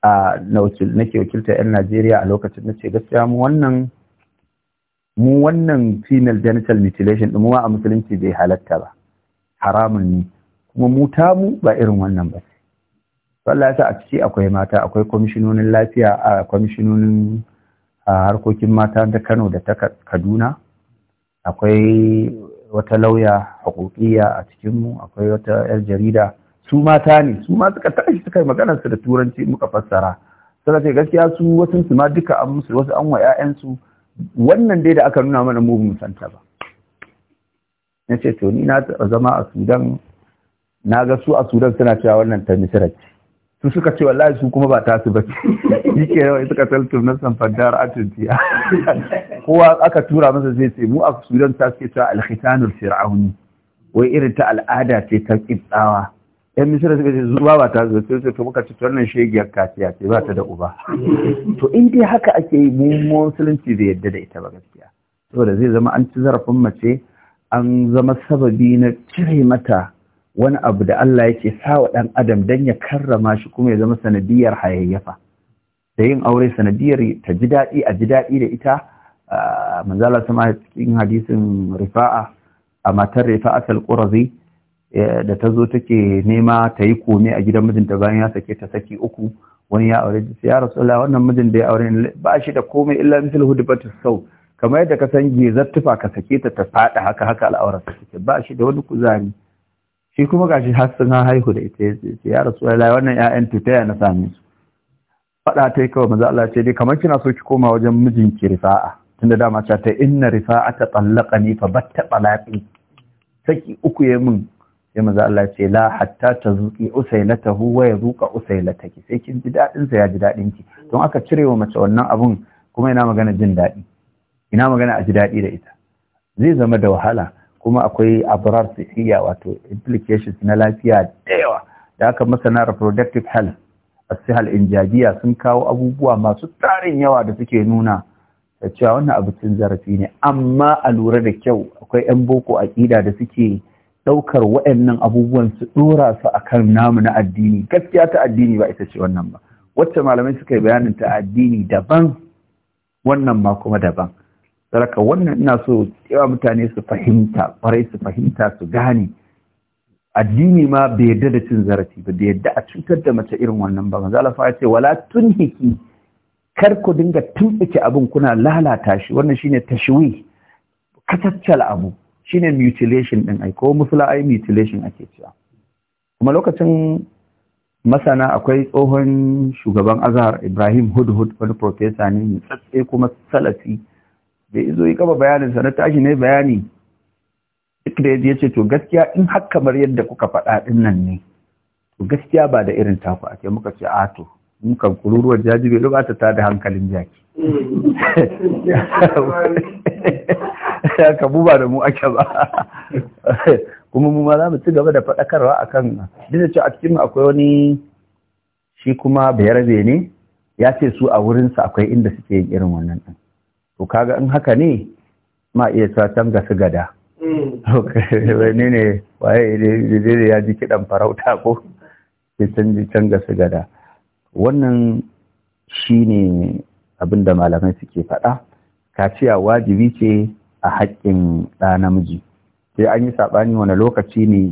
a nake wakilta 'yan najeriya a lokacin na ce gaskiya mu wannan mu wannan female genital mutilation ɗin a musulunci bai halatta ba haramun ne kuma mu mu ba irin wannan ba Allah ya sa a ciki akwai mata akwai kwamishinonin lafiya a kwamishinonin a harkokin mata da Kano da ta Kaduna akwai wata lauya haƙoƙiya a cikinmu akwai wata 'yar jarida su mata ne su ma suka tashi suka yi maganarsu da turanci muka fassara suna ce gaskiya su wasu su ma duka an musu wasu an wa 'ya'yansu wannan dai da aka nuna mana mu musanta ba na ce to ni na zama a sudan na ga su a sudan suna cewa wannan ta misira su suka ce wallahi su kuma ba tasu ba shi ke yawa suka taltum na sanfandar atuntiya kowa aka tura masa zai ce mu a sudan ta suke cewa alkhitanul fir'auni wai irin ta al'ada ce ta kitsawa yan misira suka ce zuwa ba ta zuwa sai to muka ce wannan shegiyar kafiya ce ba ta da uba to in dai haka ake yi mu musulunci zai yadda da ita ba gaskiya saboda zai zama an ci zarafin mace an zama sababi na cire mata wani abu da Allah yake sawa ɗan adam dan ya karrama shi kuma ya zama sanadiyar hayayyafa da yin aure sanadiyar ta ji daɗi a ji daɗi da ita manzala sama cikin hadisin rifa'a a matar rifa'a talqurazi da ta zo take nema ta yi kome a gidan mijinta bayan ya sake ta saki uku wani ya aure ta ya rasulullah wannan mijin da ya aure ba shi da komai illa misal hudbatus sau kamar yadda ka san gezar tufa ka sake ta ta faɗa haka haka al'aurar ta ba shi da wani kuzari shi kuma gashi har sun haihu da ita yace ya rasu. wannan ƴaƴan tutaya na sami su faɗa ta yi kawai maza Allah ce dai kamar kina so ki koma wajen mijinki rifa'a tunda dama ce ta inna rifa'a ta tsallaka ni fa ta talaqi saki uku ya min sai maza Allah ce la hatta ta huwa ya wa ta ki sai kin ji daɗinsa ya ji daɗin ki don aka cire wa mace wannan abun kuma ina magana jin daɗi ina magana a ji daɗi da ita zai zama da wahala kuma akwai abarar sihiya wato implications na lafiya da yawa da aka masana reproductive health asihal injajiya sun kawo abubuwa masu tarin yawa da suke nuna da cewa wannan abu cin zarafi ne amma a lura da kyau akwai 'yan boko aƙida da suke ɗaukar waɗannan abubuwan su ɗora su a kan namu na addini gaskiya ta addini ba ita ce wannan ba wacce malamai suka yi bayanin ta addini daban wannan ma kuma daban saraka wannan ina so yawa mutane su fahimta kwarai su fahimta su gane addini ma bai yadda da cin zarafi ba bai yadda a cutar da mace irin wannan ba manzo Allah ya ce wala tun hiki. kar ku dinga tumbuke abin kuna lalata shi wannan shine tashwi kataccal abu shine mutilation din ai ko musula ai mutilation ake cewa kuma lokacin masana akwai tsohon shugaban azhar Ibrahim Hudhud wani professor ne tsatse kuma salafi bai izo yi kaba bayaninsa na tashi ne bayani duk da ya ce to gaskiya in har kamar yadda kuka faɗa ɗin nan ne to gaskiya ba da irin taku a ce muka ce a to muka kururuwar jaji bai lubata ta da hankalin jaki ya kabu ba da mu ake ba kuma mu ma za mu ci gaba da faɗakarwa a kan duk da cewa a cikin akwai wani shi kuma bayarbe ne ya ce su a wurinsa akwai inda suke yin irin wannan ɗin to kaga in haka ne ma iya sa canza su gada mm. wani ne waye da ya ji kiɗan farauta ko ya canza can su gada wannan shi ne abin da malamai suke faɗa kaciya wajibi ce a haƙƙin ɗa namiji sai an yi saɓani wani lokaci ne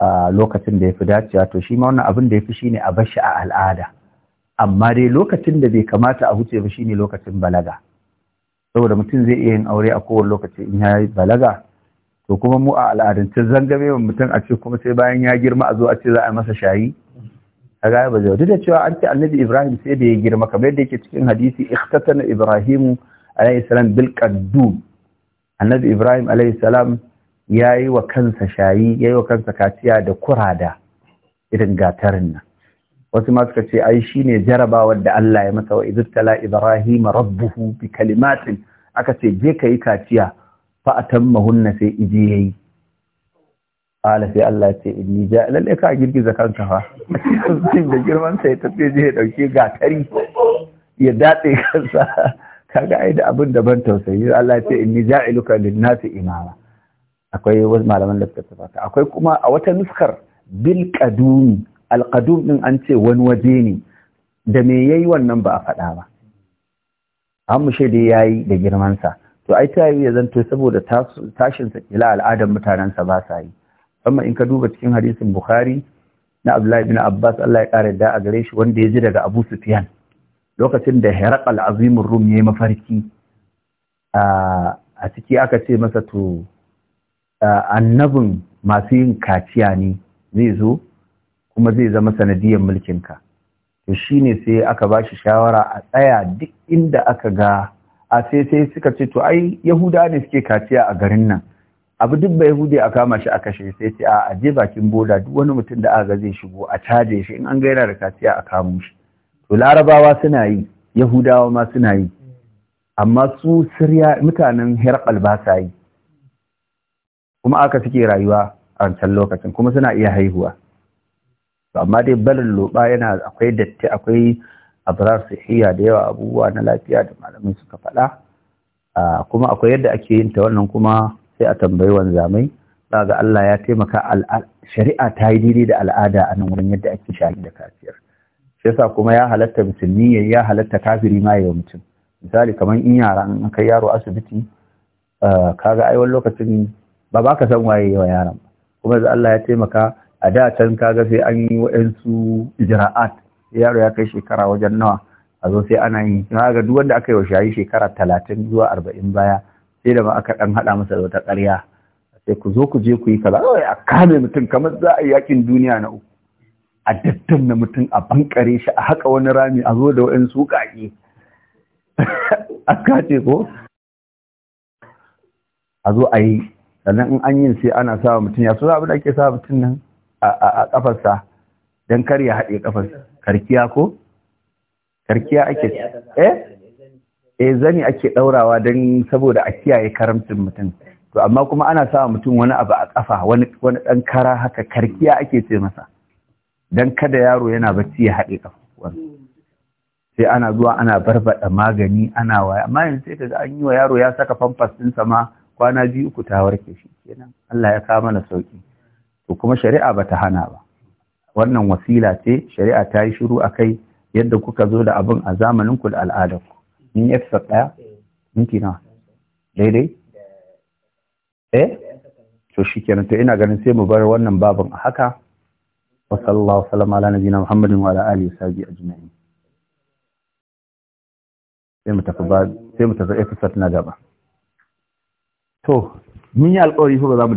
a lokacin da ya fi dacewa to shi ma wannan abin da ya fi shi ne a bashi a al'ada amma dai lokacin da bai kamata a huce ba shi ne lokacin balaga saboda mutum zai iya yin aure a kowane lokaci in ya yi balaga to kuma mu a al'adance zangame wa mutum a ce kuma sai bayan ya girma a zo a ce za a masa shayi a gaya ba zai da cewa an ce annabi ibrahim sai da ya girma kamar yadda yake cikin hadisi ikhtatana Ibrahim alayhi salam bil annabi ibrahim alayhi salam yayi wa kansa shayi yayi wa kansa kaciya da kurada irin gatarin nan wasu ma suka ce ai shine jarabawar da Allah ya masa wa iztala ibrahim rabbuhu bi kalimatin aka ce je kai kaciya fa atammahunna sai iji yayi ala sai Allah ce inni ja lalle ka girgiza kanka fa cikin da girman sai ta ce je dauke gatari ya dade kansa kaga ai da abin da ban tausayi Allah ce inni ja'iluka lin-nasi imama akwai wasu malaman da suka tafata akwai kuma a wata nuskar bil qaduni alƙadum ɗin an ce wani waje ne da me ya yi wannan ba a faɗa ba an mu ya yi da girmansa to ai ta yi ya zanto saboda tashinsa ila al'adar mutanensa ba sa yi amma in ka duba cikin hadisin bukhari na abdullahi bin abbas allah ya ƙara yadda a gare shi wanda ya ji daga abu sufyan lokacin da herakal azimin rum ya yi mafarki a ciki aka ce masa to annabin masu yin kaciya ne zai zo kuma zai zama sanadiyar mulkinka to shi ne sai aka ba shi shawara a tsaya duk inda aka ga a sai sai suka ce to ai yahuda ne suke kaciya a garin nan abu duk bai yahudi a kama shi a kashe sai ce a aje bakin boda duk wani mutum da aka zai shigo a caje shi in an ga yana da kaciya a kamo shi to larabawa suna yi yahudawa ma suna yi amma su sirya mutanen herkal ba sa yi kuma aka suke rayuwa a wancan lokacin kuma suna iya haihuwa amma dai balin loba yana akwai datti akwai abrar sihiya da yawa abubuwa na lafiya da malamai suka faɗa kuma akwai yadda ake yin ta wannan kuma sai a tambayi wanzamai ba ga Allah ya taimaka shari'a ta yi daidai da al'ada a nan wurin yadda ake shayi da kafiyar shi yasa kuma ya halatta musulmi ya halatta kafiri ma ya mutum misali kamar in yara an kai yaro asibiti kaga ai wani lokacin ba ba ka san waye wa yaran. kuma da Allah ya taimaka a da can kaga sai an yi wa'ansu ijra'at yaro ya kai shekara wajen nawa a zo sai ana yi na ga duk wanda aka yi wa shayi shekara talatin zuwa arba'in baya sai da ma aka dan haɗa masa da wata ƙarya sai ku zo ku je ku yi kaza a kame mutum kamar za a yi yakin duniya na uku a dattan na mutum a bankare shi a haƙa wani rami a zo da wa'ansu kaki a kace ko a zo a yi sannan in an yin sai ana sa mutum ya so abin da ake sa mutum nan a kafarsa don kar ya haɗe kafarsa karkiya ko karkiya ake eh eh zani ake ɗaurawa don saboda a kiyaye karamcin mutum to amma kuma ana sawa mutum wani abu a kafa wani ɗan kara haka karkiya ake ce masa Don kada yaro yana bacci ya haɗe kafa sai ana zuwa ana barbada magani ana waya amma yanzu sai kaga an yi wa yaro ya saka famfas ɗinsa sa ma kwana biyu uku ta warke shi kenan Allah ya kama na sauki to kuma shari'a ba ta hana ba wannan wasila ce shari'a ta yi shiru a kai yadda kuka zo da abin a zamaninku da al'adarku in yi ɗaya minti na daidai eh to shi kenan to ina ganin sai mu bar wannan babin a haka wa sallallahu alaihi ala nabiyina muhammadin wa ala alihi a ajma'in sai mu tafi ba sai mu tafi episode na gaba to mun yi alƙawari ko ba za mu